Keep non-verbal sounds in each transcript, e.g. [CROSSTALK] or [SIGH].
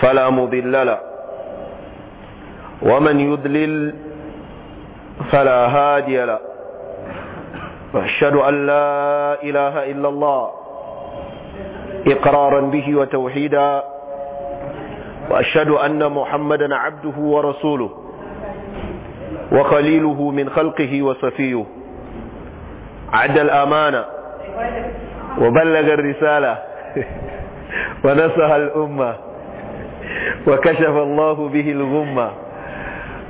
فلا مضل له ومن يضلل فلا هادي له واشهد ان لا اله الا الله اقرارا به وتوحيدا واشهد ان محمدا عبده ورسوله وخليله من خلقه وصفيه عد الامانه وبلغ الرساله [LAUGHS] ونصح الامه وكشف الله به الغمة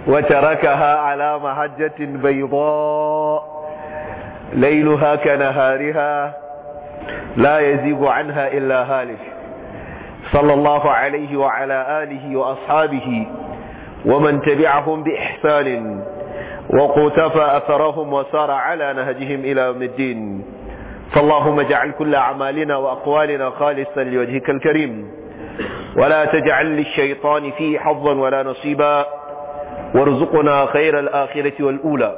وتركها على محجة بيضاء ليلها كنهارها لا يزيغ عنها إلا هالك صلى الله عليه وعلى آله وأصحابه ومن تبعهم بإحسان وقتفى أثرهم وسار على نهجهم إلى يوم الدين فاللهم اجعل كل أعمالنا وأقوالنا خالصا لوجهك الكريم ولا تجعل للشيطان فيه حظا ولا نصيبا وارزقنا خير الآخرة والأولى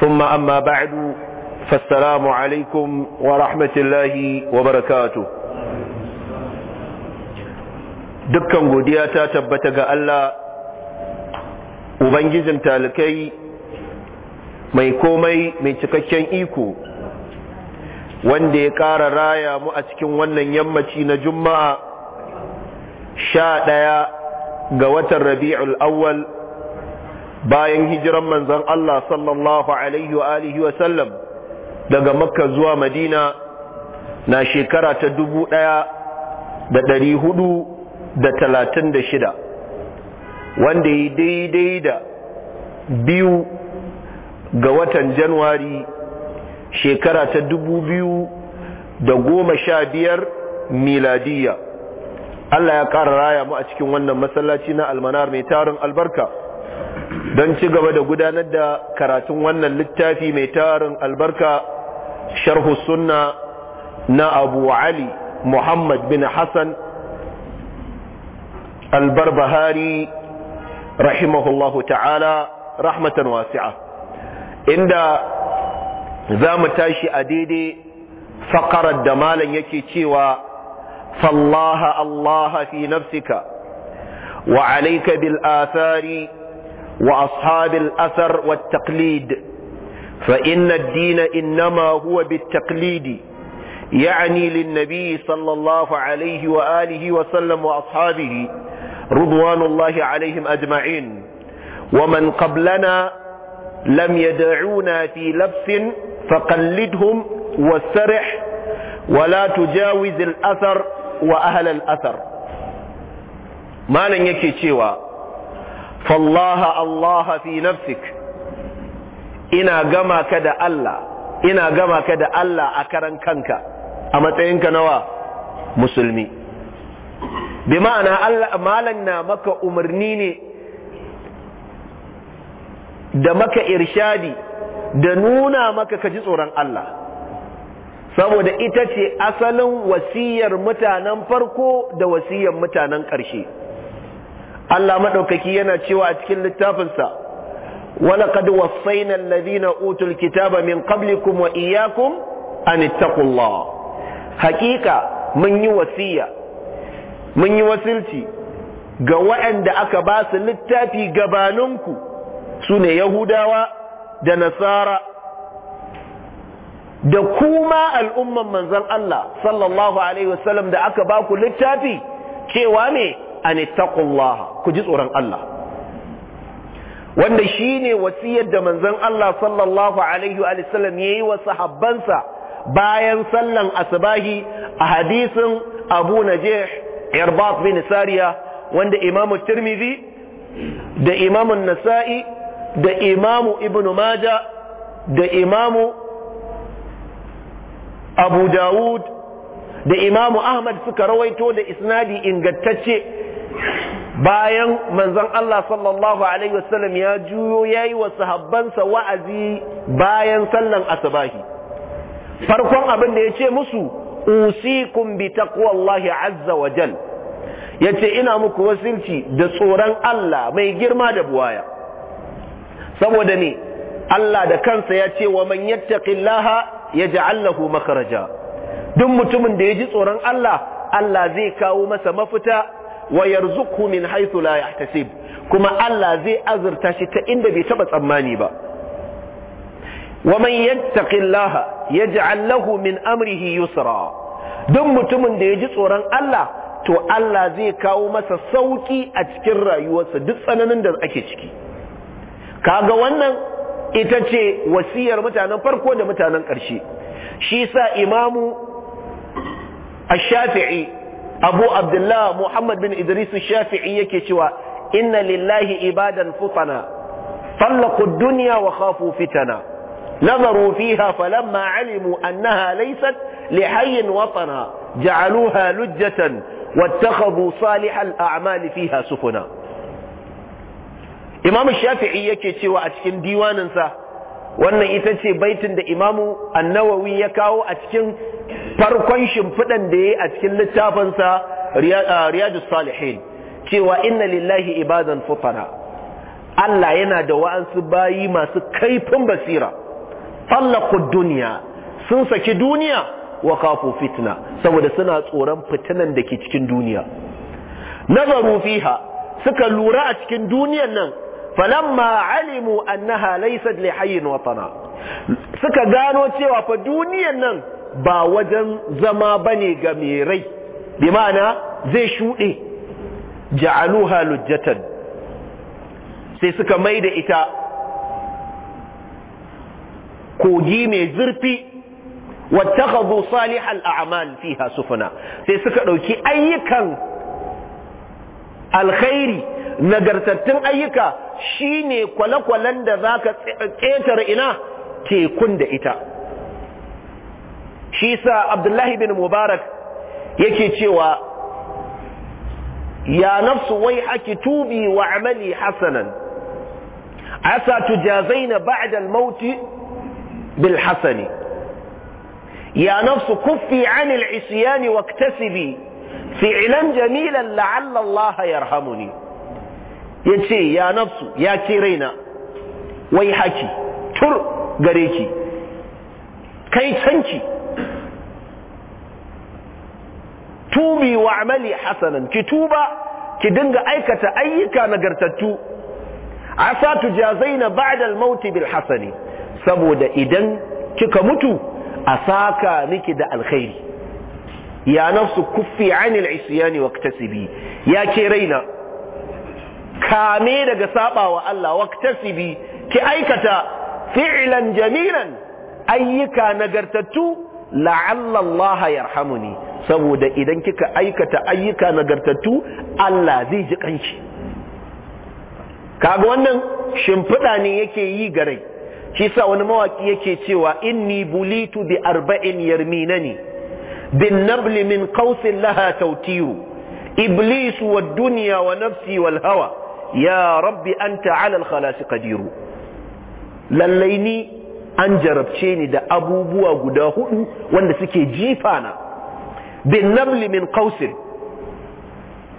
ثم أما بعد فالسلام عليكم ورحمة الله وبركاته دكان قدياتا تبتغى ألا وبنجزم تالكي mai komai mai cikakken iko wanda ya ƙara raya mu a cikin wannan sha ɗaya ga watan rabi'ul awwal bayan hijiran manzon Allah sallallahu alaihi wa alihi wa sallam daga makka zuwa madina na shekara ta dubu ɗaya da ɗari hudu da talatin da shida wanda ya daidai da biyu ga watan januwari shekara ta dubu biyu da goma sha biyar miladiyya Allah ya ƙara raya mu a cikin wannan masallaci na almanar mai tarin albarka don ci gaba da gudanar da karatun wannan littafi mai tarin albarka sharhu sunna na abu ali muhammad bin hassan albarbahari rahimahullahu ta'ala rahmatan wasi'a inda za mu tashi a daidai faƙarar da malam yake cewa فالله الله في نفسك وعليك بالآثار وأصحاب الأثر والتقليد فإن الدين إنما هو بالتقليد يعني للنبي صلى الله عليه وآله وسلم وأصحابه رضوان الله عليهم أجمعين ومن قبلنا لم يدعونا في لبس فقلدهم واسترح ولا تجاوز الأثر wa ahlal asar malam yake cewa fallaha allaha fi nafsik ina gama ka da Allah ina gama ka da Allah a karan kanka a matsayinka nawa musulmi bi ma'ana Allah malan na maka umarni ne da maka irshadi da nuna maka ka ji tsoron Allah saboda ita ce asalin wasiyar mutanen farko da wasiyar mutanen ƙarshe Allah maɗaukaki yana cewa a cikin littafinsa walaƙad wasaina na utul kitaba min qablikum wa iyyakum an ittaqullah haqiqa mun yi wasiya mun yi wasilci ga waɗanda aka ba su littafi gabaninku sune yahudawa da nasara da kuma al'umman manzan Allah sallallahu alaihi wasallam da aka ba ku littafi cewa ne an ittaqullaha ku ji tsoron Allah wanda shine wasiyar da manzan Allah sallallahu alaihi wasallam yayi wa sahabbansa bayan sallan asbahi a hadisin Abu Najih Irbat bin Sariya wanda Imam Tirmidhi da Imam Nasa'i da Imam Ibn Majah da Imam abu dawud da imamu ahmad suka rawaito da isnadi ingantacce bayan manzon Allah sallallahu alaihi wasallam ya juyo yayi wa sahabbansa wa'azi bayan sallan asbahi farkon abin da yace musu usikum bi taqwallahi azza wa jal yace ina muku wasilci da tsoron Allah mai girma da buwaya saboda ne Allah da kansa ya ce wa man yattaqillaha ya lahu makaraja, duk mutumin da ya ji tsoron Allah Allah zai kawo masa mafita wa yarzuqhu min haythu la yahtasib kuma Allah zai azurta shi ta inda bai taba tsammani ba wa man yattaqillaha yaj'al min amrihi yusra duk mutumin da yaji tsoron Allah to Allah zai kawo masa sauki a cikin rayuwarsa duk tsananin da ake ciki kaga wannan ita ce wasiyar mutanen farko da mutanen ƙarshe shi sa imamu ash-shafi'i abu abdullah muhammad bin idris ash-shafi'i yake cewa inna lillahi ibadan futana fallaqu ad-dunya wa khafu fitana نظروا فيها فلما علموا أنها ليست لحي watana ja'aluha lujjatan wattakhadhu salihal a'mali fiha سفنا imamu shafi'i yake cewa a cikin diwaninsa wannan ita ce baitin da imamu annawawi ya kawo a cikin farkon shimfiɗan da ya yi a cikin littafinsa riyadu salihin cewa inna lillahi ibadan fufara Allah yana da wa'ansu bayi masu kaifin basira fallaku duniya sun saki duniya wa kafu fitna saboda suna tsoron fitinan da ke cikin duniya nazaru fiha suka lura a cikin duniyan nan falamma alimu annaha laysat li hayyin watana suka gano cewa fa duniyan nan ba wajen zama bane ga mai rai bi ma'ana zai shuɗe ja'aluha lujjatan sai suka maida ita kogi mai zurfi wattakhadhu salihal a'mal fiha sufuna sai suka dauki ayyukan alkhairi nagartattun ayyuka shine kwale da zaka tsetar ƙetare ina tekun da ita shi sa abdullahi bin mubarak yake cewa ya nafsu wai haki tubi wa amali hasanan asa tujazaina ba'da al-mauti bil hasani ya nafsu kuffi 'anil 'isyani waktasabi fi'lan jamilan la'alla Allah yarhamuni yace ya nafsu ya ce raina wai haki tur gare kai canki tubi wa amali hasanan ki tuba ki dinga aikata ayyuka nagartattu asa tujazaina ba'da al-maut bil saboda idan kika mutu a saka miki da alkhairi ya nafsu kuffi anil isyani waqtasibi ya ke raina kame daga sabawa Allah waktasibi ki aikata fi'lan jamilan ayyuka nagartattu la'alla Allah yarhamuni saboda idan kika aikata ayyuka nagartattu Allah zai ji kanki kaga wannan shimfiɗa ne yake yi garai shi sa wani mawaki yake cewa inni bulitu bi arba'in yarminani bin nabli min qausin laha iblis wa dunya wa nafsi wal hawa ya rabbi anta ala al khalas qadiru lallai ni an jarabce ni da abubuwa guda hudu wanda suke jifana bin nabli min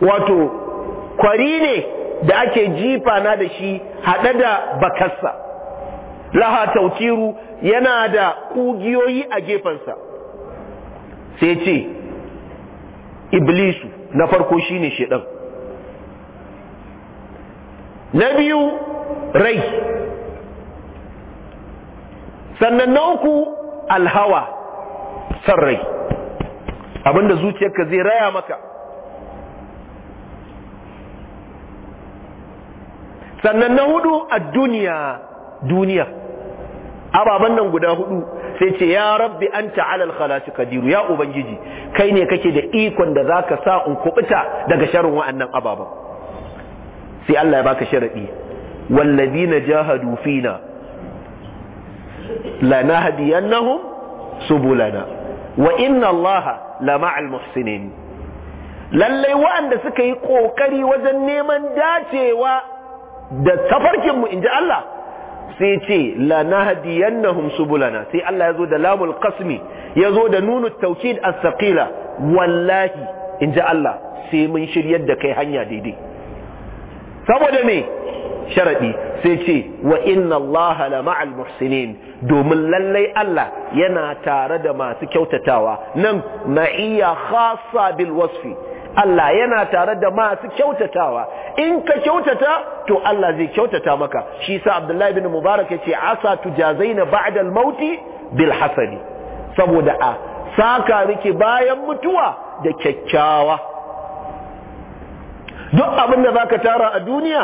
wato kwari ne da ake jifana da shi hada da bakarsa laha yana da ƙugiyoyi a gefensa sai ce iblisu na farko shine shedan na biyu rai sannan na uku alhawa san rai abinda zuciyarka zai raya maka sannan na hudu a duniya duniya ababan nan guda hudu sai ce ya rabbi anta alal khalati kadiru ya ubangiji kai ne kake da ikon da zaka sa in kubuta daga sharrin wa'annan ababan sai Allah ya baka sharadi wallazina jahadu fina lanahdiyannahum subulana wa inna allaha lama'al muhsinin lallai wa'anda suka yi kokari wajen neman dacewa da tafarkinmu in ji Allah sai ce lanahdiyannahum subulana sai Allah yazo da lamul qasmi yazo da nunut tawkid as-saqila wallahi inji Allah sai mun shiryar da kai hanya daidai saboda me sharadi sai ce wa inna Allah la ma'al muhsinin domin lallai Allah yana tare da masu kyautatawa nan ma'iyya khassa bil wasfi Allah yana tare da masu kyautatawa in ka kyautata to Allah zai kyautata maka shi sa Abdullahi bin Mubarak yace asa tujazaina ba'da al-mauti bil saboda a saka rike bayan mutuwa da kyakkyawa duk abin da zaka tara a duniya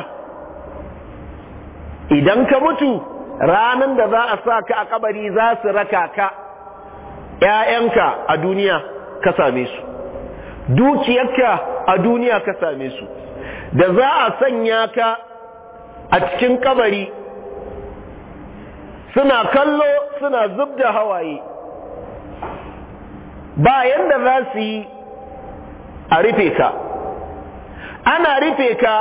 idan ka mutu ranan da za a saka a kabari za su raka ka ƴaƴanka a duniya ka same su dukiyarka a duniya ka same su da za a sanya ka a cikin kabari suna kallo suna zub da hawaye ba yadda za su yi a rufe ka ana rufe ka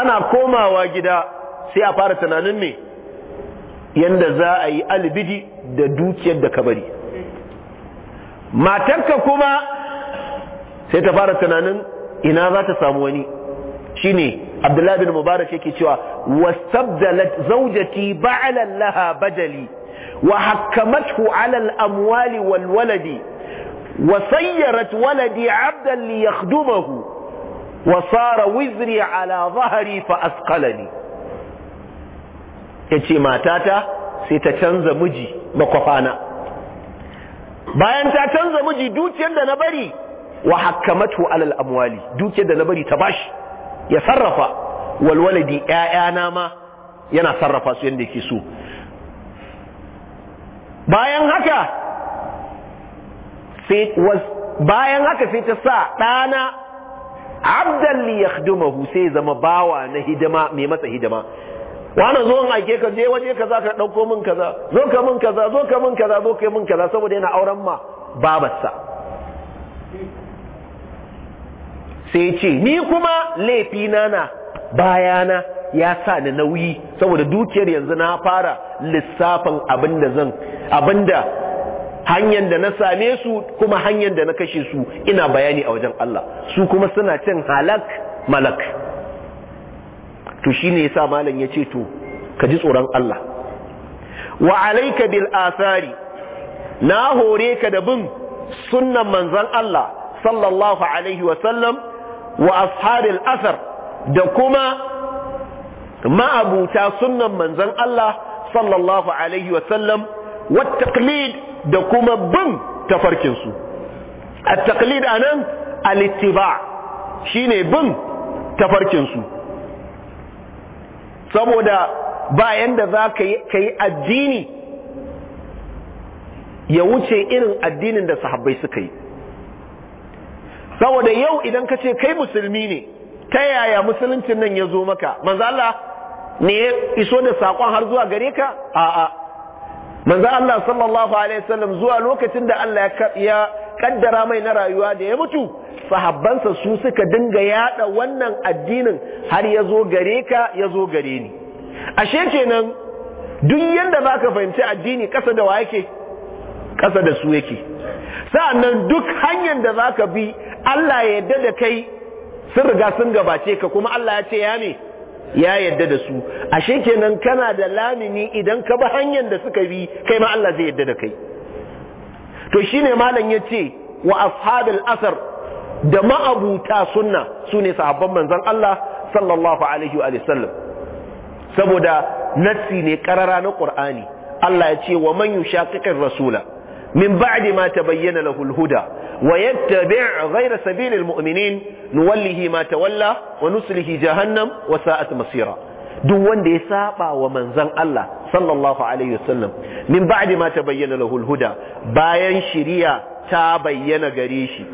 ana komawa gida sai a fara tunanin ne yadda za a yi albidi da dukiyar da kabari matarka kuma sai ta fara tunanin ina za ta samu wani shine abdullahi bin mubarak yake cewa wasabdalat zawjati ba'lan laha badali wa hakkamathu 'ala al-amwali wal waladi wa sayyarat waladi 'abdan li yakhdumahu wa sara wizri 'ala dhahri fa asqalani yace matata sai ta canza miji makwafana bayan ta canza miji dukiyar da na bari wa hakamatu alal amwali duke da na bari ta bashi ya sarrafa walwaladi ƴaƴana ma yana sarrafa su yadda yake so bayan haka sai bayan haka sai ta sa ɗana abdan li yakhdumahu sai zama bawa na hidima mai masa hidima wani zo in ka je waje kaza ka ɗauko min kaza zo ka min kaza zo ka min kaza zo ka min kaza saboda yana auren ma babarsa sai ce ni kuma laifina na bayana ya sa ni nauyi saboda dukiyar yanzu na fara lissafin abinda zan abinda hanyar da na same su kuma hanyar da na kashe su ina bayani a wajen Allah su kuma suna cin halak malak to shine yasa malam yace to ka ji tsoron Allah wa alayka bil athari na hore ka da bin sunnan manzon Allah sallallahu alaihi wa sallam wa ashabil asar da kuma ma'abuta sunnan manzon Allah sallallahu alaihi wa sallam wa taqlid da kuma bin tafarkin su a taqlid a al shine bin tafarkinsu su saboda bayan da za ka yi addini ya wuce irin addinin da sahabbai suka yi saboda yau idan ka ce kai musulmi ne ta yaya musuluncin nan ya zo maka manzo Allah ne ya iso da sakon har zuwa gare ka a'a manzo Allah sallallahu alaihi wasallam zuwa lokacin da Allah ya kaddara mai na rayuwa da ya mutu sahabbansa su suka dinga yada wannan addinin har ya zo gare ka ya zo gare ni ashe kenan duk yanda zaka fahimci addini kasa da wa yake kasa da su yake sa'annan duk hanyar da zaka bi Allah ya yadda da kai sun riga sun gabace ka kuma Allah ya ce ya ne ya yadda da su ashe kenan kana da lamini idan ka bi hanyar da suka bi kai ma Allah zai yadda da kai to shine malam yace wa ashabil asar da ma'abuta sunna sune sahabban manzon Allah sallallahu alaihi wa sallam saboda nassi ne karara na Qur'ani Allah ya ce wa man yushaqiqir rasula min ba'di ma ta bayyana al-huda wa yattabi' ghayra sabili al-mu'minin nuwallihi ma tawalla wa nuslihi jahannam wa masira duk wanda ya saba wa manzon Allah sallallahu alaihi wasallam min ba'di ma tabayyana lahu al-huda bayan shiriya ta bayyana gare shi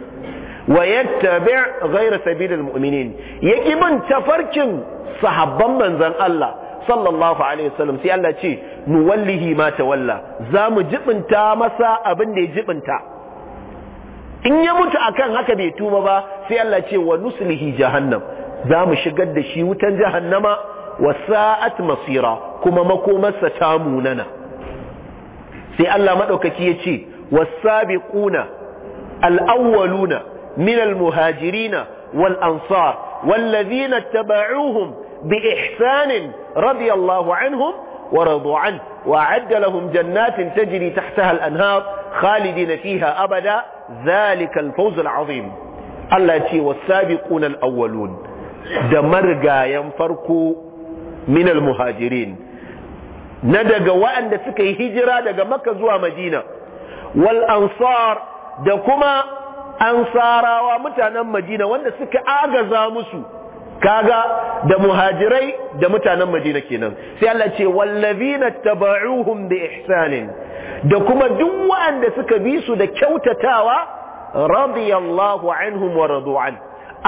wa yattabi' ghayra sabili al-mu'minin yaki bin tafarkin sahabban manzon Allah sallallahu alaihi wasallam sai Allah ce nuwallihi ma tawalla za mu jibinta masa abin da ya jibinta in ya mutu akan haka bai tuma ba sai Allah ce wa nuslihi jahannam za mu shigar da shi wutan jahannama wa sa'at masira kuma makomarsa ta munana sai Allah madaukaki ya ce was-sabiquna al-awwaluna min al-muhajirina wal-ansar wal-ladhina tabauhum bi ihsanin radiyallahu anhu. ورضوا عنه وأعد لهم جنات تجري تحتها الأنهار خالدين فيها أبدا ذلك الفوز العظيم التي والسابقون الأولون دمرقا ينفرقوا من المهاجرين ندق وأن سكي هجرة دق مكة زوى مدينة والأنصار دقما أنصارا ومتانا مدينة وأن سكي آغزا مسو kaga da muhajirai da mutanen madina kenan sai Allah ce wallazina taba'uhum bi ihsanin da kuma duk waɗanda suka bi su da kyautatawa radiyallahu anhum wa radu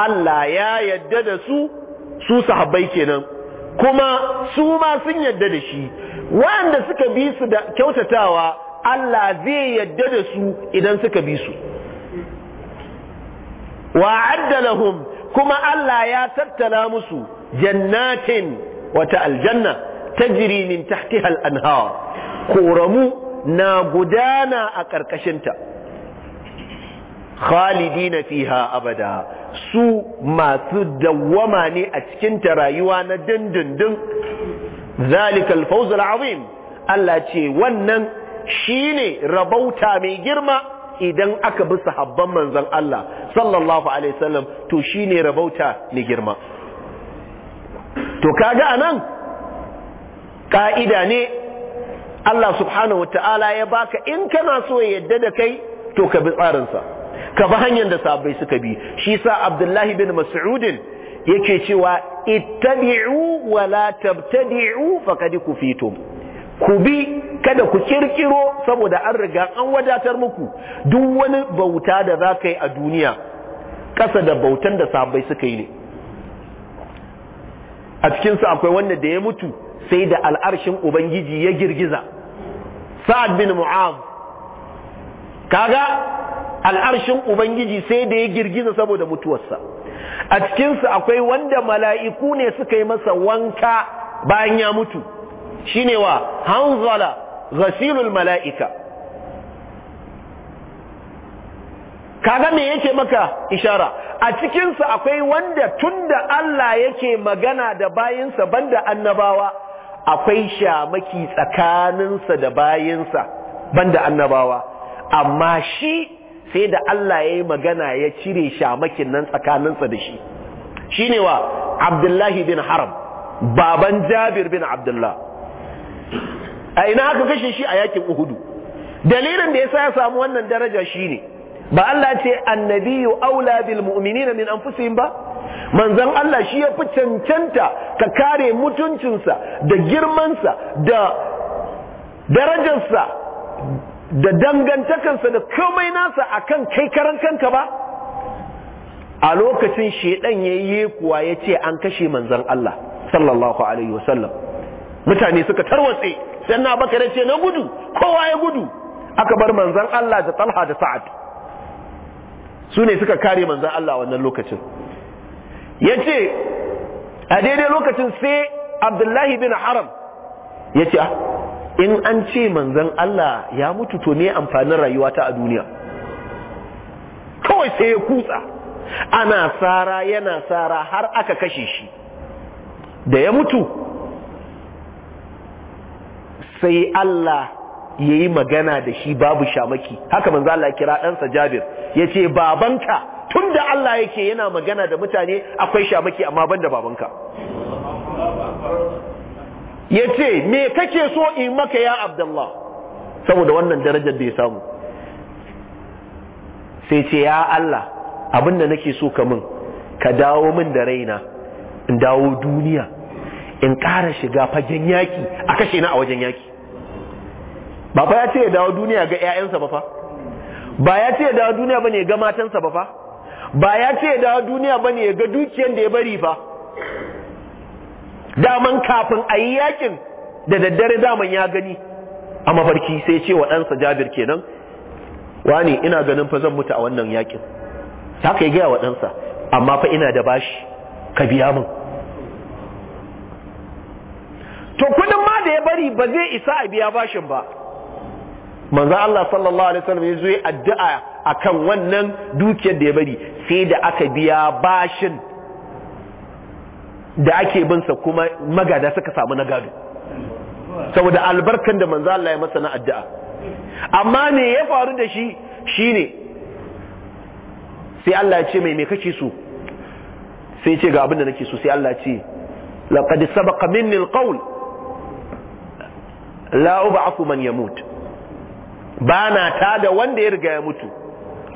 Allah ya yadda da su su sahabbai kenan kuma su ma sun yadda da shi waɗanda suka bi su da kyautatawa Allah zai yadda da su idan suka bi su wa'adda lahum kuma Allah ya tattala musu jannatin wata aljanna ta min tahti al-anhar koramu na gudana a ƙarƙashinta khalidina fiha abada su masu dawwama ne a cikinta rayuwa na dindindin zalikal fawzul azim Allah ce wannan shine rabauta mai girma idan aka bi sahabban manzon Allah sallallahu alaihi wasallam to shine rabauta ne girma to kaga anan ka'ida ne Allah subhanahu wataala ya baka in kana so ya yadda da kai to ka bi tsarinsa ka bi hanyar da sahabbai suka bi shi sa Abdullahi bin Mas'udin yake cewa ittabi'u wa la tabtadi'u faqad kufitum ku bi kada ku kirkiro saboda an riga an wadatar muku duk wani bauta da za ka yi a duniya ƙasa da bautan da sabai suka yi ne a cikinsu akwai wanda da ya mutu sai da al'arshin ubangiji ya girgiza sa'ad bin mu'az kaga al'arshin ubangiji sai da ya girgiza saboda mutuwarsa a cikinsu akwai wanda mala'iku ne suka yi masa wanka bayan ya mutu Shi ne wa hanzala ghasilul mala'ika kaga me yake maka ishara a cikinsa akwai wanda tunda Allah yake magana da bayinsa banda annabawa akwai shamaki tsakaninsa da bayinsa banda annabawa amma shi sai da Allah ya yi magana ya cire shamakin nan tsakaninsa da shi shi ne wa abdullahi bin haram baban jabir bin Abdullahi. a ina aka kashe shi a yakin uhudu dalilin da yasa ya samu wannan daraja shine ba Allah ce annabiyu aula bil mu'minina min anfusihim ba manzon Allah shi ya fi cancanta ka kare mutuncinsa da girmansa da darajarsa da dangantakansa da komai nasa akan kai karan kanka ba a lokacin shedan yayi kuwa yace an kashe manzon Allah sallallahu alaihi wasallam mutane suka tarwatse sai na bakare ce na gudu kowa ya gudu aka bar manzan Allah da talha da sa'ad su ne suka kare manzan Allah wannan lokacin ya ce a daidai lokacin sai abdullahi bin haram ya ce ah, in an ce manzan Allah ya mutu to ne amfanin rayuwa ta a duniya kawai sai ya kutsa ana tsara yana tsara har aka kashe shi da ya mutu sai Allah ya yi magana da shi babu shamaki haka manzo Allah kira ɗansa Jabir ya ce babanka tun da Allah yake yana magana da mutane akwai shamaki amma ban da babanka ya ce me kake so in maka ya Abdullah saboda wannan darajar da ya samu sai ce ya Allah abinda nake so ka min ka dawo min da raina in dawo duniya in ƙara shiga fagen yaki a kashe na a wajen yaki ba fa ya ce ya dawo duniya ga 'ya'yansa ba fa ba ya ce ya dawo duniya bane ya ga matansa ba fa ba ya ce ya dawo duniya bane ya ga dukiyar da ya bari fa daman kafin a yi yakin da daddare daman ya gani a mafarki sai ce wa ɗansa jabir kenan wani ina ganin fa zan mutu a wannan yakin ta kai gaya wa ɗansa amma fa ina da bashi ka biya min to kudin ma da ya bari ba zai isa a biya bashin ba manzo Allah sallallahu alaihi wasallam ya zo ya addu'a akan wannan dukiyar da ya bari sai da aka biya bashin da ake bin sa kuma magada suka samu na gado saboda albarkan da manzo Allah ya masa na addu'a amma me ya faru da shi shine sai Allah ya ce mai me kake so sai ce ga abin da nake so sai Allah ya ce laqad sabaqa minni alqawl la ub'athu man yamut ba na ta da wanda ya riga ya mutu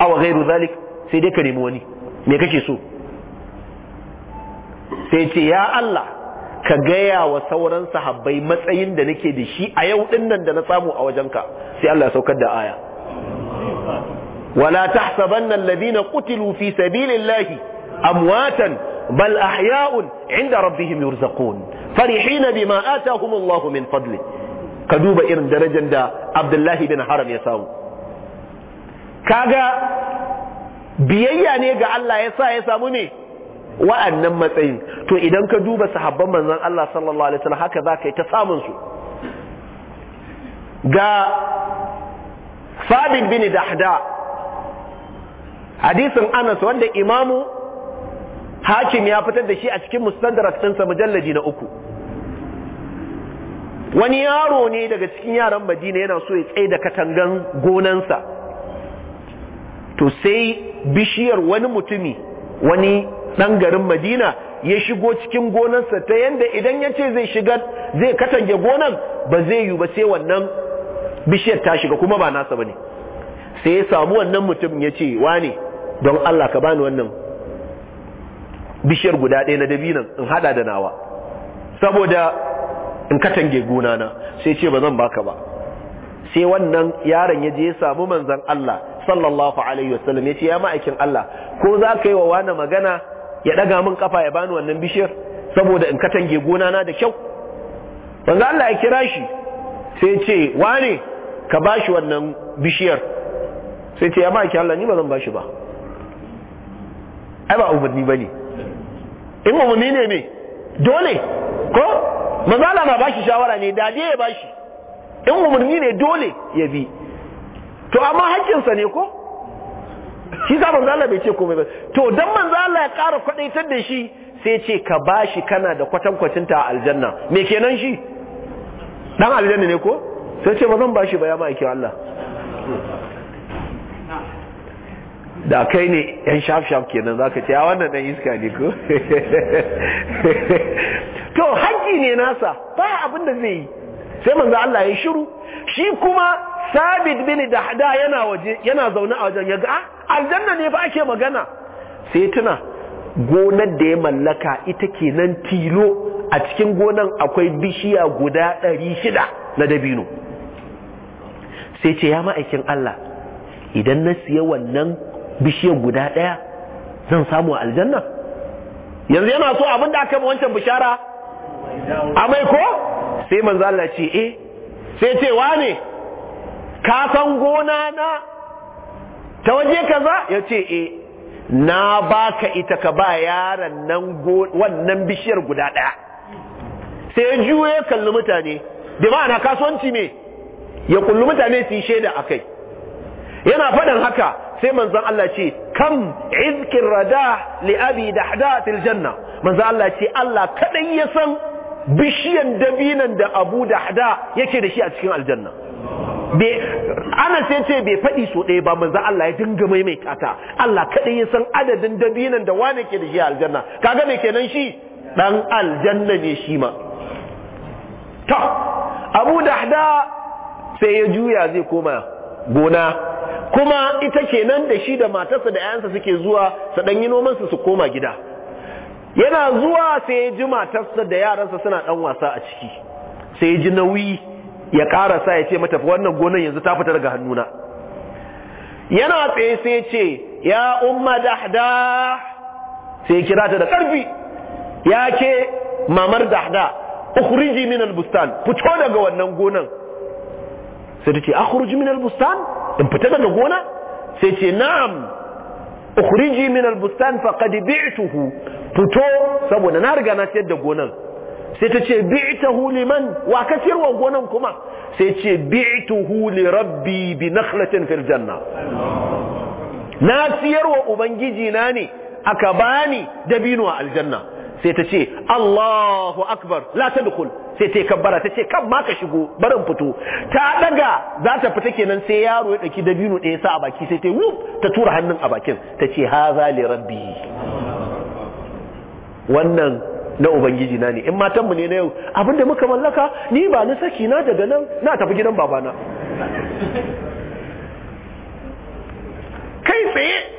awa gairu zalik sai dai ka nemi wani me kake so sai ce ya Allah ka gaya wa sauran sahabbai matsayin da nake da shi a yau dinnan da na samu a wajenka sai Allah ya saukar da aya wala tahsabanna alladhina qutilu fi sabilillahi amwatan bal ahya'un 'inda rabbihim yurzaqun farihina bima ata Allah min fadlihi ka duba irin darajar da abdullahi bin haram ya samu kaga biyayya ne ga Allah ya sa ya samu ne wa'annan matsayin to idan ka duba sahabban manzan Allah sallallahu alaihi wasallam haka zaka yi ta samun su ga Sabin bin Dahda hadisin Anas wanda imamu hakim ya fitar da shi a cikin mustadrak ɗinsa mujallaji na uku wani yaro ne daga cikin yaran madina yana so ya tsaye da katangan gonansa to sai bishiyar wani mutumi wani ɗan garin madina ya shigo cikin gonansa ta yadda idan ya ce zai shiga zai katange gonan ba zai yi ba sai wannan bishiyar ta shiga kuma ba nasa ba ne sai ya samu wannan mutumin ya ce wane don Allah ka bani wannan bishiyar guda ɗaya na dabinan in hada da nawa saboda in ka tange gona na sai ce ba zan baka ba sai wannan yaron ya je ya samu manzon Allah sallallahu alaihi wasallam ya ce ya ma'aikin Allah ko za ka yi wa wani magana ya daga min kafa ya bani wannan bishiyar saboda in ka tange gona na da kyau manzon Allah ya kira shi sai ce wane ka bashi wannan bishiyar sai ce ya ma'aikin Allah ni ba zan bashi ba ai ba umarni bane in umarni ne me dole ko manzala na bashi shawara ne da ya bashi in umarni ne dole ya bi to amma hakkinsa ne ko shi sa manzala bai ce komai ba to dan manzala ya ƙara kwadaitar da shi sai ce ka bashi kana da kwatankwacin ta aljanna me kenan shi dan aljanna ne ko sai ce ba zan bashi ba ya ma'aikin Allah da kai ne yan shaf-shaf kenan za ka ce a wannan dan iska ne ko [LAUGHS] to haƙi ne nasa ba abin da zai yi sai manzo Allah ya shiru shi kuma Sabit bin Dahda yana waje yana zaune a wajen yaga ah, aljanna ne ba ake magana sai tuna gonar da ya mallaka ita kenan tilo a cikin gonan akwai bishiya guda 600 na dabino sai ce ya ma'aikin Allah idan na siya wannan bishiyar guda ɗaya zan samu aljanna yanzu yana so abin da aka wancan bishara amai ko sai manzala ce e sai ce wane gona na ta waje kaza ya ce e na baka ita ka ba yaran nan wannan bishiyar guda daya sai juyo ya kalli mutane da na kasuwanci ne ya kulli mutane su yi shaida kai yana faɗin haka sai manzan Allah ce kam izkin rada li da hada fil janna manzan Allah ce Allah kaɗai ya san bishiyan dabinan da abu da hada yake da shi a cikin aljanna ana sai ce bai faɗi so ɗaya ba manzo Allah ya dinga maimaita ta Allah kaɗai ya san adadin dabinan da wane ke da shi a aljanna kaga me kenan shi dan aljanna ne shi ma ta abu da hada sai ya juya zai koma gona kuma ita kenan da shi da matarsa da 'ya'yansa suke zuwa su ɗan yi nomansu su koma gida yana zuwa sai ya ji matarsa da yaransa suna ɗan wasa a ciki sai ya ji nauyi ya karasa ya ce mata wannan gonan yanzu ta fita daga hannuna yana tsaye sai ya ce ya umma dahda sai kira ta da karfi ya ke mamar dahda ukhriji min albustan fito daga wannan gonan sai ta ce akhruj min albustan in fita daga gona sai ce na'am ukhriji min albustan faqad bi'tuhu fito saboda na riga na sayar da gonan sai ta ce bi'tahu liman wa ka sayarwa gonan kuma sai ce bi'tuhu li rabbi bi nakhlatin fil janna na siyarwa ubangiji na ne aka bani dabino a aljanna sai ta ce Allahu akbar la tadkhul sai ta kabbara ta ce kan ma ka shigo barin fito ta daga za ta fita kenan sai yaro ya daki dabino ɗaya sa a baki sai ta wuf ta tura hannun a bakin ta ce haza li rabbi wannan na ubangiji na ne in matanmu ne na yau abinda muka mallaka ni ba ni saki na daga nan na tafi gidan babana kai tsaye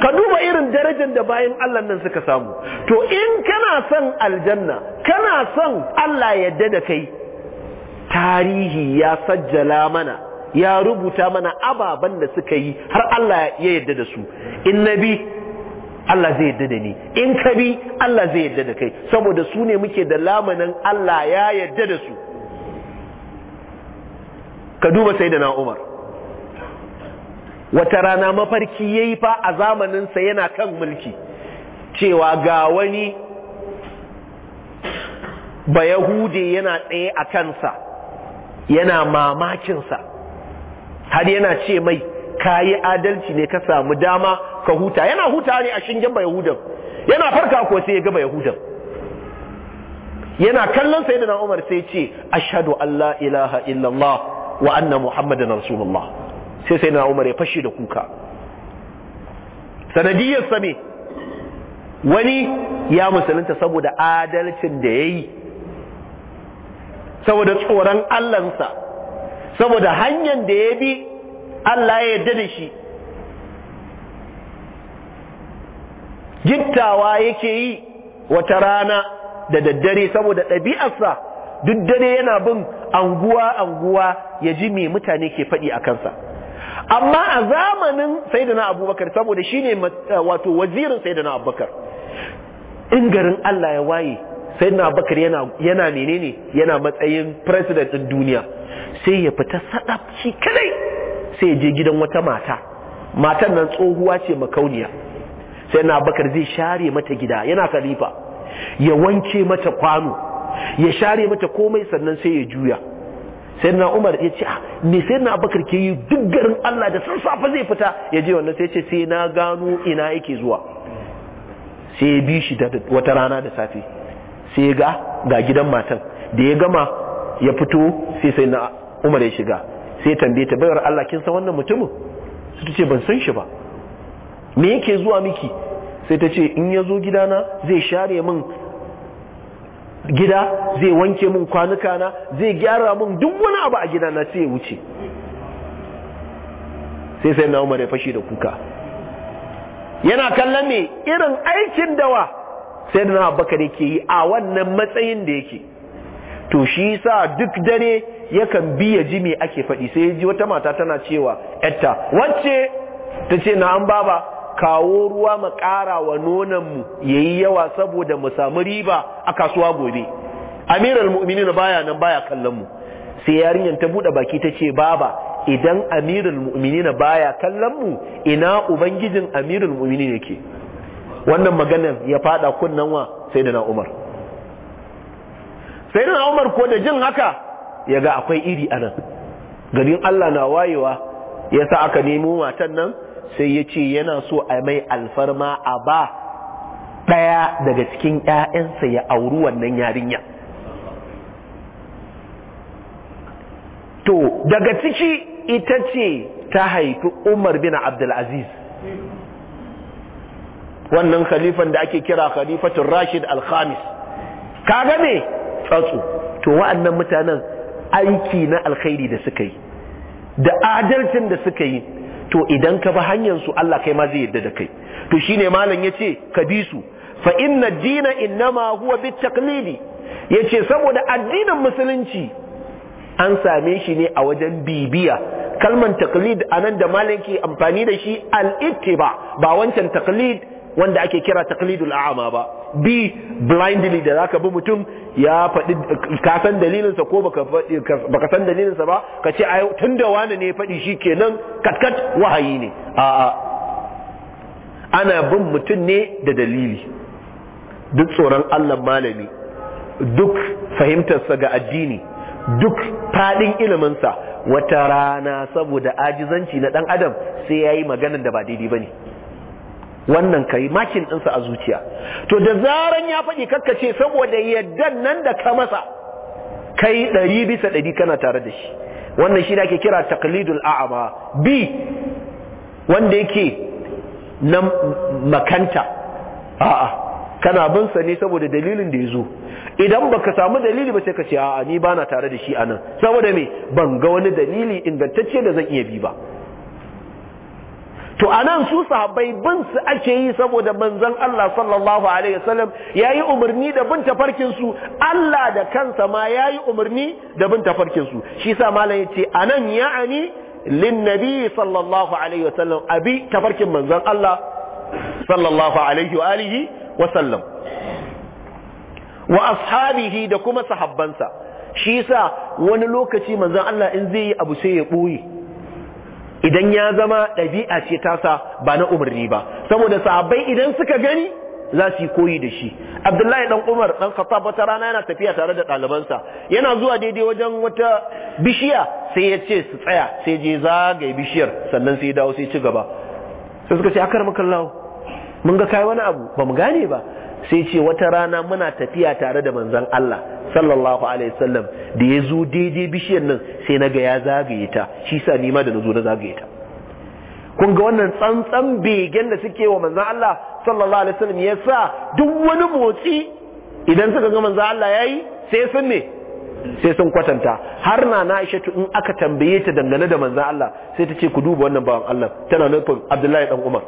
ka duba irin darajar da bayan Allah nan suka samu to in kana son aljanna kana son Allah yadda da kai tarihi ya sajjala mana ya rubuta mana ababen da suka yi har Allah ya yadda da su in nabi Allah zai yadda da ni in ka bi Allah zai yadda da kai saboda su ne muke da lamanin Allah ya yadda da su ka duba sai da na Umar wata rana mafarki yayi fa a zamaninsa yana kan mulki cewa ga wani ba yahude yana tsaye a kansa yana mamakinsa har yana ce mai kayi adalci ne ka samu dama ka huta yana huta ne a shingen ba yahudan yana farka ko sai ya ga ba yahudan yana kallon sai da na umar sai ce ashadu allah ilaha illallah wa anna muhammadan rasulullah sai sai na umar ya fashe da kuka sanadiyar same wani ya musulunta saboda adalcin da ya yi saboda tsoron allansa saboda hanyar da ya bi allah ya yadda da shi gittawa yake yi wata rana da daddare saboda ɗabi'arsa duk dare yana bin anguwa-anguwa ya ji me mutane ke faɗi a kansa amma a zamanin saidana abubakar saboda shi ne uh, wato wazirin saidana abubakar in garin Allah ya waye saidana abubakar yana menene yana matsayin president din duniya sai ya fita shi kadai sai ya je gidan wata mata matan nan tsohuwa ce makauniya sayyidina abubakar zai share mata gida yana khalifa ya wanke mata kwano ya share mata komai sannan sai ya juya sai na umar ya ce ah, me sai na abakar ke yi duk garin allah da safa zai fita ya je wannan sai ce sai na gano ina yake zuwa sai ya bi shi da wata rana da safe sai ga ah, ga gidan matan da ya gama ya fito sai sai na umar ya shiga sai tambaye ta bayar allah kin san wannan mutumin su ta ce ban san shi ba me yake zuwa miki sai ta ce in ya zo gidana zai share min gida zai wanke mun kwanuka na zai gyara mun duk wani abu a gida na sai wuce sai sai na umar ya fashe da kuka yana kallon ne irin aikin dawa sai da na abubakar yake yi a wannan matsayin da yake to shi sa duk dare yakan bi ya ji me ake faɗi sai ya ji wata mata tana cewa etta wacce ta ce na an baba kawo ruwa mu ƙara wa nonanmu ya yi yawa saboda mu samu riba a kasuwa gobe amiral mu'minin baya nan baya kallon mu sai yarinyar ta buɗe baki ta ce baba idan amiral mu'minin baya kallon mu ina ubangijin amiral mu'minin yake wannan maganar ya fada kunnan wa sai na umar sai umar ko da jin haka ya ga akwai iri a nan garin allah na wayewa ya sa aka nemo matan nan sai ya ce yana so a mai alfarma a ba ɗaya daga cikin ‘ya'yansa ya auri wannan yarinya to daga ciki ita ce ta haifi umar bin abdulaziz wannan khalifan da ake kira khalifatun rashid alhamis kaga gane tsatsu to wa'annan mutanen aiki na alkhairi da suka yi da adalcin da suka yi to idan ka bi hanyar su Allah kai ma zai yadda da kai to shine malam yace ka bi su fa inna dina innama huwa bit taqlidi yace saboda addinin musulunci an same shi ne a wajen bibiya kalman taqlid anan da malam ke amfani da shi al-ittiba ba wancan taqlid wanda ake kira taqlidul a'ma ba b blindly da zaka bi mutum ya faɗi ka san dalilin sa ko baka baka san dalilin sa ba ka ce ai tunda wani ne faɗi shikenan katkat wahayi ne a a ana bin mutum ne da dalili duk tsoron Allah malami duk fahimtarsa ga addini duk faɗin iliminsa wata rana saboda ajizanci na dan adam sai yayi yi da ba daidai bane wannan kai makin ɗinsa a zuciya to da zaran ya faɗi kakkace saboda yaddan nan da ka masa kai ɗari bisa ɗari kana tare da shi wannan shi da ake kira taklidul a'ama bi wanda yake na makanta a'a kana bin sa ne saboda dalilin da ya zo idan baka samu dalili ba sai ka ce a'a ni bana tare da shi anan saboda me ban ga wani dalili ingantacce da zan iya bi ba to anan su sahabbai bin su ake yi saboda manzon Allah sallallahu alaihi wasallam yayi umarni da bin tafarkin su Allah da kansa ma yayi umarni da bin tafarkin su shi sa malam yace anan ya'ani linnabi sallallahu alaihi wasallam abi tafarkin manzon Allah sallallahu alaihi wa alihi wasallam wa ashabihi da kuma sahabbansa shi sa wani lokaci manzon Allah in zai yi abu sai ya boye idan ya zama ɗabi'a ce tasa ba na umarni ba saboda sahabbai idan suka gani za su yi koyi da shi abdullahi ɗan umar dan kasa wata rana yana tafiya tare da ɗalibansa yana zuwa daidai wajen wata bishiya sai ya ce su tsaya sai je zagaye bishiyar sannan sai ya dawo sai ci gaba sai suka ce akar makallawo mun ga kai wani abu ba mu gane ba sai ce wata rana muna tafiya tare da manzon Allah sallallahu alaihi wasallam da ya zo daidai bishiyar nan sai na ga ya zagaye ta shi sa nima da na zo na zagaye ta kun ga wannan tsantsan begen da suke wa manzan Allah sallallahu alaihi wasallam ya sa duk wani motsi idan suka ga manzan Allah ya yi sai sun ne sai sun kwatanta har na na aisha in aka tambaye ta dangane da manzan Allah sai ta ce ku duba wannan bawan Allah tana nufin Abdullahi dan Umar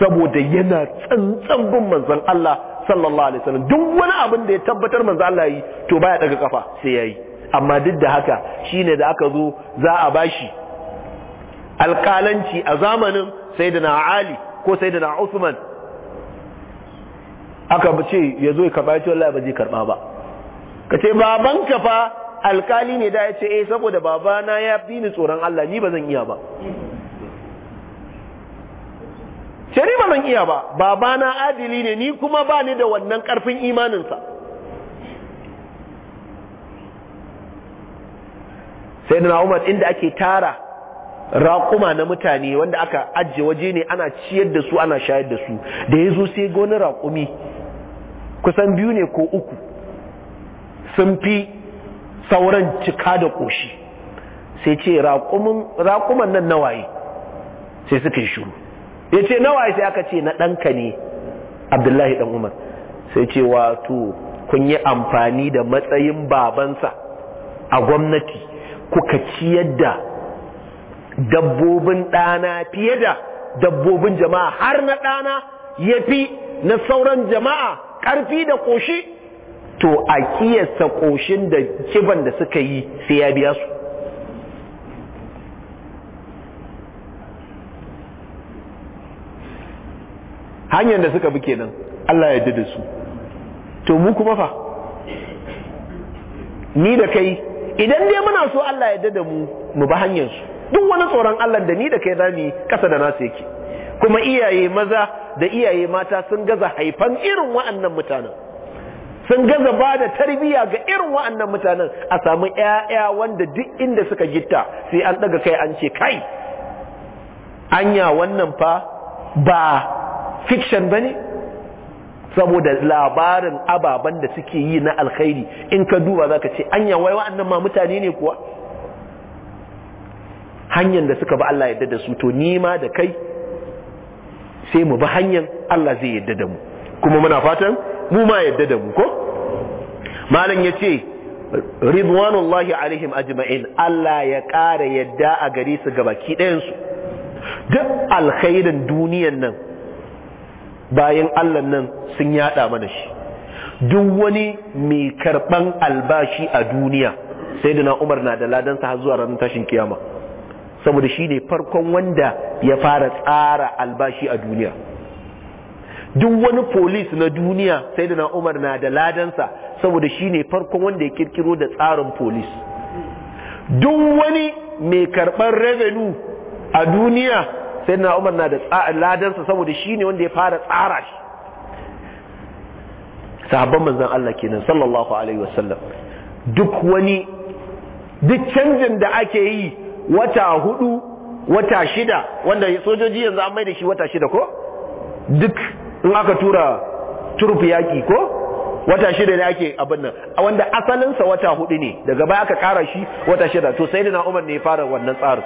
saboda yana tsantsan bin manzan Allah sallallahu alaihi wasallam duk wani abin da ya tabbatar manzo Allah yi to baya daga kafa sai yayi amma duk da haka shine da aka zo za a bashi alƙalanci a zamanin sayyidina Ali ko sayyidina Uthman aka ce yazo ya karba ce wallahi ba zai karba ba kace babanka fa alkali ne da ya ce eh saboda babana ya fi ni tsoron Allah ni ba zan iya ba ce ni iya ba babana adili ne ni kuma ba ni da wannan karfin imaninsa sai na umar inda ake tara raƙuma na mutane wanda aka ajiye waje ne ana ciyar da su ana shayar da su da ya zo sai goni raƙumi kusan biyu ne ko uku sun fi sauran cika da ƙoshi sai ce raƙuman nan nawaye sai suka yi shuru ya ce nawa sai aka ce na ɗanka ne abdullahi ɗan umar sai ce wato kun yi amfani da matsayin babansa a gwamnati kuka ciyar da dabbobin ɗana fiye da dabbobin jama'a har na ɗana ya fi na sauran jama'a ƙarfi da ƙoshi to a ƙiyasta ƙoshin da kiban da suka yi sai ya biya su hanyar da suka bi kenan Allah ya da su to mu kuma fa ni da kai idan dai muna so Allah ya da mu mu bi hanyar su duk wani tsoron Allah da ni da kai zamu kasa da nasu yake kuma iyaye maza da iyaye mata sun gaza haifan irin wa'annan mutanen sun gaza ba da tarbiyya ga irin wa'annan mutanen a samu ƴaƴa wanda duk inda suka gitta sai an daga kai an ce kai anya wannan fa ba fiction ba ne saboda labarin ababen da suke yi na alkhairi in ka duba za ka ce anya wai wa'annan ma mutane ne kuwa hanyar da suka ba Allah yadda da su to nima da kai sai mu bi hanyar Allah zai yadda da mu kuma muna fatan mu ma yadda da mu ko malam ya ce ridwanullahi alaihim ajma'in Allah ya ƙara yadda a gare su ga baki ɗayansu duk alkhairin duniyan nan bayan Allah nan sun yada mana shi duk wani mai karban albashi a duniya sai da na umar na da ladansa har zuwa ranar tashin kiyama saboda shi ne farkon wanda ya fara tsara albashi a duniya duk wani polis na duniya sai da na umar na da ladansa saboda shi ne farkon wanda ya kirkiro da tsarin polis duk wani mai karban revenue a duniya sai na umar na da ladansa saboda shi ne wanda ya fara tsara shi sahabban manzan Allah kenan sallallahu alaihi wasallam duk wani duk canjin da ake yi wata hudu wata shida wanda sojoji yanzu an mai da shi wata shida ko duk in aka tura turfi yaki ko wata shida ne ake abin nan a wanda asalinsa wata hudu ne daga baya aka kara shi wata shida to sai da umar ne ya fara wannan tsarin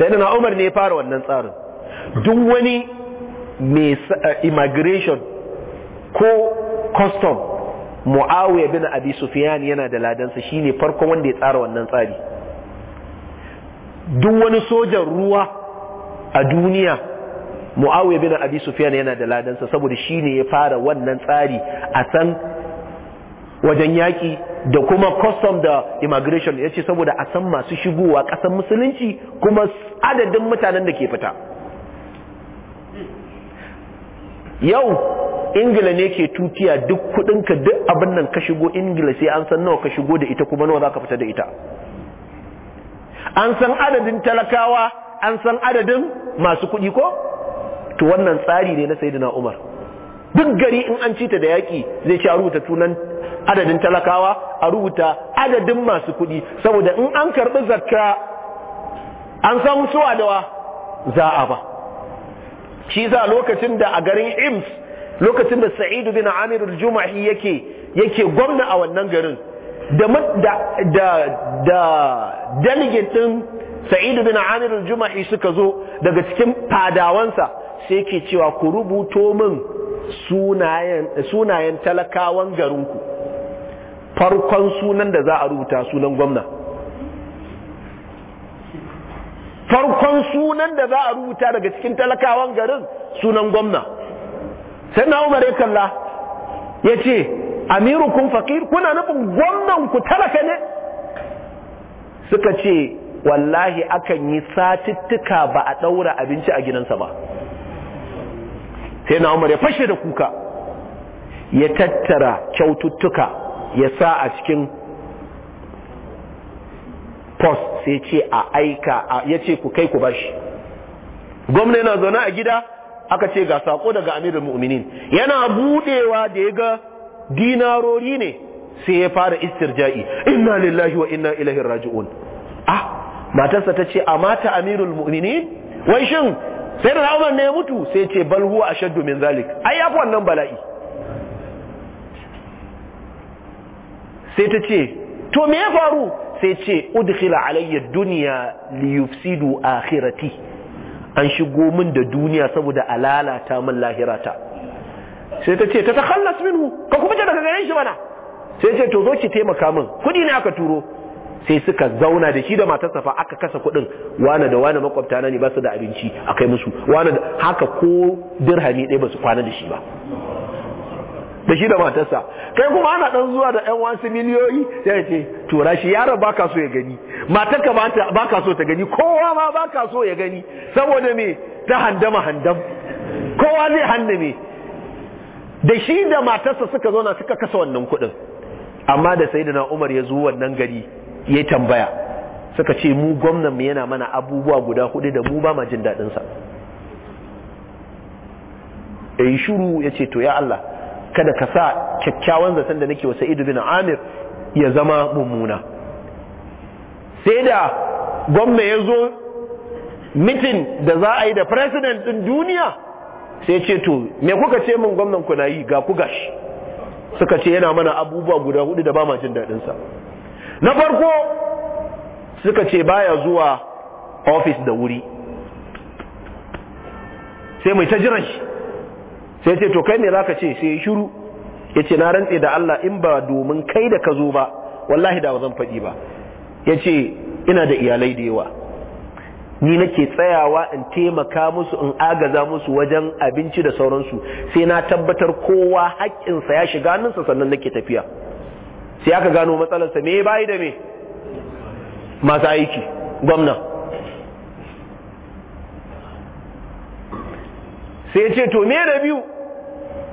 sai na umar ne ya fara wannan tsarin duk wani eh, immigration ko custom mu'awiyar bin abi sufiyan yana da ladansa shine farko wanda ya tsara wannan tsari duk wani sojan ruwa a duniya mu'awiyar bin abi sufiyan yana da ladansa saboda shi ne ya fara wannan tsari a san wajen yaƙi da kuma custom da immigration ya ce saboda a san masu shigowa ƙasar musulunci kuma adadin mutanen da ke fita yau ingila ne ke tutiya duk kudinka duk abin nan ka shigo ingila sai an san nawa ka shigo da ita kuma nawa za ka fita da ita an san adadin talakawa an san adadin masu kuɗi ko to wannan tsari ne na sayidina umar duk gari in an cita da yaƙi zai ci a rubuta tunan adadin talakawa a rubuta adadin masu kuɗi saboda in an karɓi zakka an samu suwa dawa za a ba shi za lokacin da a garin ims lokacin da sa'idu bin amir al-jumahi yake yake gwamna a wannan garin da da da delegate sa'idu bin amir al-jumahi suka zo daga cikin fadawansa sai yake cewa ku rubuto min sunayen talakawan garinku farkon sunan da za a rubuta sunan gwamna farkon sunan da za a rubuta daga cikin talakawan garin sunan gwamna sai na umar ya kalla ya ce amirukun fakir kuna nufin gwamnanku talaka ne suka ce wallahi akan yi satittuka ba a ɗaura abinci a ginansa ba sai na umar ya fashe da kuka ya tattara kyaututtuka ya sa a cikin post sai ce a aika ya ce ku kai ku bashi gwamna yana zaune a gida aka ce ga sako daga amirul mu'minin yana budewa da ya ga dinarori ne sai ya fara istirja'i inna lillahi wa inna ilaihi raji'un ah matarsa ta ce a mata amirul mu'minin wai shin sai da Umar ne ya mutu sai ce bal a ashaddu min zalik ai yafi wannan bala'i sai ta ce to me ya faru sai ce udkhila alayya dunya liyufsidu akhirati an shigo min da duniya saboda alalata min lahirata sai ta ce ta takhallas minhu ka kuma ta daga ganin shi sai ce to zo ki taimaka min kudi ne aka turo sai suka zauna da shi da matarsa fa aka kasa kudin wani da wani makwabta na ne ba su da abinci a kai musu wani haka ko dirhami ɗaya ba su kwana da shi ba da shi da matarsa kai kuma ana dan zuwa da yan wasu miliyoyi sai ya ce tura shi yaron baka so ya gani ba ka baka so ta gani kowa ma baka so ya gani saboda me ta handama handam kowa zai handame da shi da matarsa suka zo na suka kasa wannan kuɗin amma da na Umar ya zo wannan gari ya tambaya suka ce mu gwamnan mu yana mana abubuwa guda hudu da mu ba ma jin daɗinsa. ya yi shuru ya ce to ya Allah kada ka sa kyakkyawan zaton da nake wa Sa'id bin Amir ya zama mummuna sai da gwamna ya zo mitin da za a yi da president din duniya sai ce to me kuka ce min gwamnan ku na yi ga ku gashi suka ce yana mana abubuwa guda hudu da ba ma jin daɗin na farko suka ce baya zuwa ofis da wuri sai mai ta jiran shi sai ce to kai me zaka ce sai shiru yace na rantse da Allah in ba domin kai da ka zo ba wallahi da ba zan faɗi ba yace ina da iyalai da yawa ni nake tsayawa in taimaka musu in agaza musu wajen abinci da sauransu sai na tabbatar kowa haƙƙinsa ya shiga hannunsa sannan nake tafiya sai aka gano matsalarsa me bayi da me masu aiki gwamna sai yace ce to me na biyu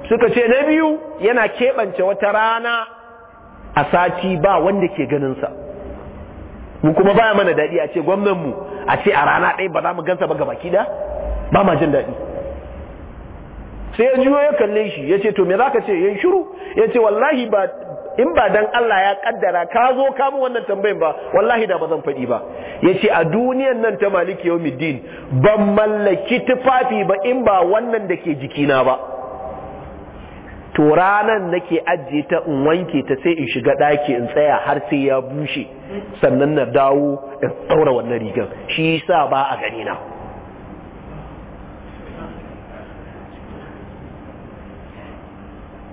suka ce na biyu yana keɓance wata rana a sati ba wanda ke ganinsa mu kuma baya mana daɗi a ce gwamnanmu a ce a rana ɗaya ba za mu gansa ba ga baki da ba ma jin daɗi sai ya juyo ya kalle shi yace ce to me za ka ce ya shiru yace wallahi ba in ba dan Allah ya kaddara ka zo ka mu wannan tambayin ba wallahi da ba zan faɗi ba yace a duniyan nan ta maliki yawmiddin ban mallaki tufafi ba in ba wannan da ke jikina ba to ranan nake ajiye ta in wanke ta sai in shiga daki in tsaya har sai ya bushe sannan na dawo in daura wannan rigar. shi yasa ba a gani na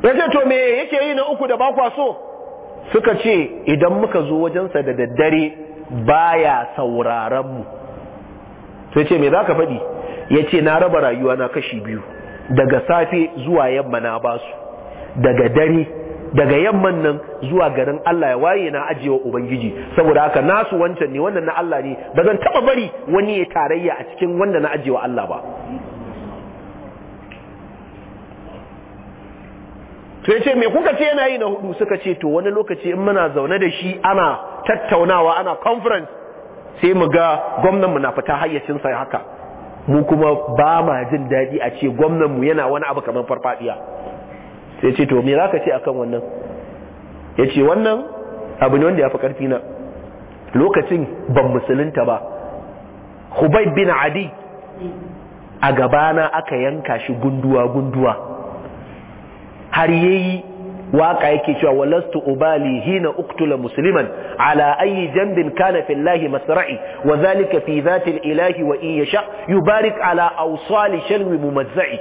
yace to me yake yi na uku da bakwa so suka ce idan muka zo wajensa da daddare baya sauraron mu to ce me zaka faɗi yace na raba rayuwa na kashi biyu daga safe zuwa yamma na basu daga dare daga yamman nan zuwa garin Allah ya waye na ajiyewa Ubangiji saboda haka nasu wancan ne wannan na Allah ne bazan zan taba bari wani ya tarayya a cikin wanda na ajiyewa Allah ba to ya ce me kuka ce yana yi na hudu suka ce to wani lokaci in muna zaune da shi ana tattaunawa ana conference sai mu ga gwamnan mu na fita hayyacinsa haka mu kuma ba ma jin daɗi a ce gwamnanmu yana wani abu kamar farfadiya sai ce to me za ka ce akan wannan ya ce wannan abu ne wanda ya fi ƙarfi na lokacin ban musulunta ba hubai bin adi a gabana aka yanka shi gunduwa-gunduwa har yayi waka yake cewa walastu ubali hina uqtula musliman ala ayi jambin kana fillahi masra'i wa zalika fi dhati ilahi wa in yasha yubarik ala awsali shalwi mumazzai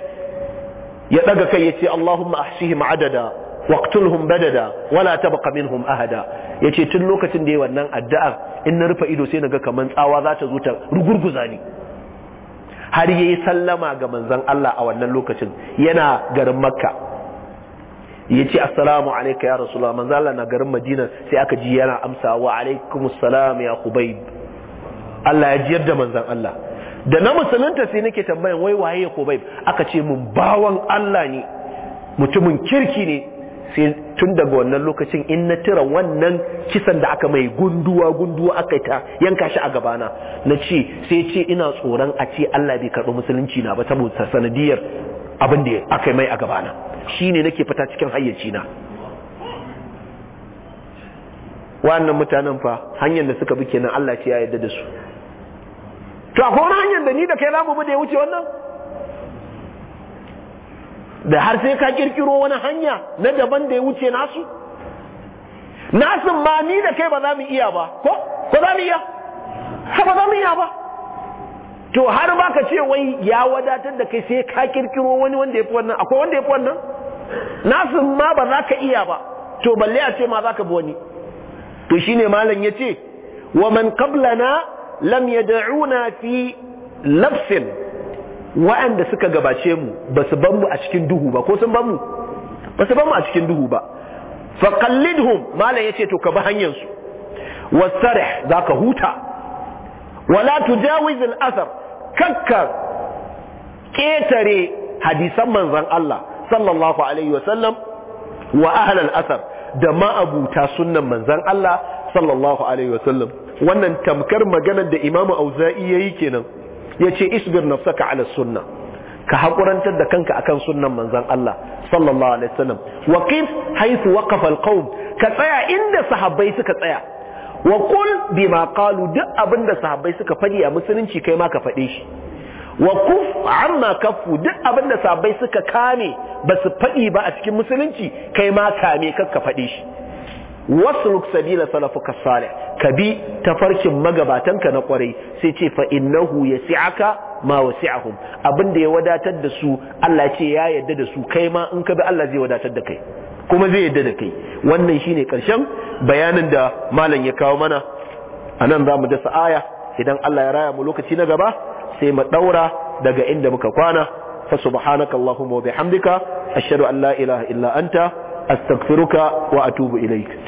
ya daga kai yace allahumma ahsihim adada waqtulhum badada wala tabqa minhum ahada yace tun lokacin da yayi wannan addu'a in na rufe ido sai naga kaman tsawa za ta zo ta rugurguza ni har yayi sallama ga manzon Allah a wannan lokacin yana garin makka ya ce assalamu alaika ya rasulullah manzo Allah na garin Madina sai aka ji yana amsa wa alaikumus salam ya Khubayb Allah ya jiyar da manzon Allah da na musulunta sai nake tambayan wai waye ya Khubayb aka ce mun bawan Allah ne mutumin kirki ne sai tun daga wannan lokacin in na tira wannan kisan da aka mai gunduwa gunduwa aka ta yanka shi a gabana na ce sai ce ina tsoron a ce Allah bai karɓi musulunci na ba saboda sanadiyar abin da aka mai a gabana shi ne nake fita cikin hayyaci na wannan mutanen fa hanyar da suka bi kenan Allah ce ya yarda da su to akwai wani hanyar da ni da kai za mu da ya wuce wannan da har sai ka kirkiro wani hanya na daban da ya wuce nasu nasu ma ni da kai ba za mu iya ba ko ko za mu iya ba za mu iya ba to har ba ka ce wai ya wadatar da kai sai ka kirkiro wani wanda ya fi wannan akwai wanda ya fi wannan nasin ma ba za ka iya ba to balle a ce ma za ka bi wani to shine malam ya ce wa man qablana lam yad'una fi lafsin wa'anda suka gabace mu ba su ban mu a cikin duhu ba ko sun ban mu ba su ban mu a cikin duhu ba fa qallidhum malam yace to ka bi hanyar su za ka huta wala tujawiz al-athar kakka ƙetare hadisan manzan Allah sallallahu alaihi wasallam wa ahlal asar da ma'abuta sunan manzan Allah sallallahu alaihi wasallam wannan tamkar maganar da imamu auza'i yi kenan yace isbir nafsaka ala sunna ka haƙurantar da kanka akan sunan manzan Allah sallallahu alaihi wasallam waqif haythu waqafa alqawm ka tsaya inda sahabbai suka tsaya wa kul ma qalu duk abinda sahabbai suka fadi a musulunci kai ma ka fade shi wa kuf amma kafu duk abinda sahabbai suka kame ba su fadi ba a cikin musulunci kai ma kame kar ka fade shi wasluk sabila salafuka salih ka bi tafarkin ka na kwarai sai ce fa innahu yasi'aka ma wasi'ahum abinda ya wadatar da su Allah ce ya yarda da su kai ma in ka bi Allah zai wadatar da kai kuma zai yadda da kai wannan shine karshen bayanin da malam ya kawo mana anan za mu dasa aya idan Allah ya raya mu lokaci na gaba sai mu daura daga inda muka kwana fa subhanaka allahumma wa bihamdika ashhadu an la ilaha illa anta astaghfiruka wa atubu ilaik